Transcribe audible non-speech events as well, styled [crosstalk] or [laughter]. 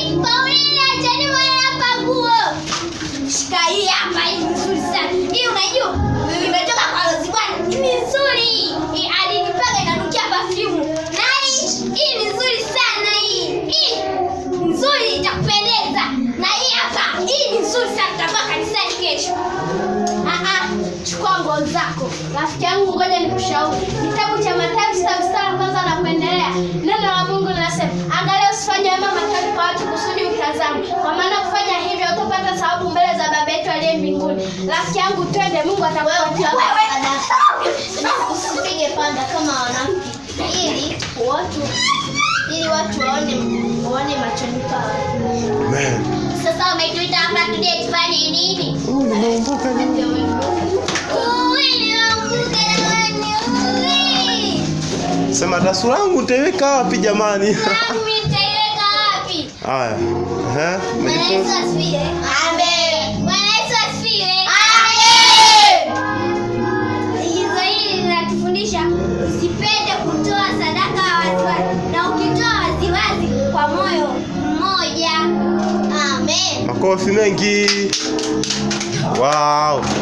Paulina, acheni mwana hapa nguo. Shika hii hapa, hii nzuri sana. Hii unajua? Nimetoka kwa Rozi bwana. Hii ni nzuri. Hii hadi inanukia perfume. Nani? Hii ni nzuri sana hii. Hii nzuri itakupendeza. Na hii hapa, hii ni nzuri sana tutavaa kanisani kesho. Ah ah, chukua nguo zako. Rafiki yangu ngoja nikushauri. Kitabu mbinguni. Rafiki yangu, twende, Mungu atakupatia. Usipige panda kama wanamke, ili watu ili watu waone waone machoni pao. Sasa umetuita hapa tuje tufanye nini? Unaondoka nini? Sema dasu yangu teweka wapi jamani? Mimi nitaweka wapi? [laughs] Haya. Eh, umejifunza. Usipende kutoa sadaka watu na ukitoa waziwazi kwa moyo mmoja. Amen. Makofi mengi. Wow.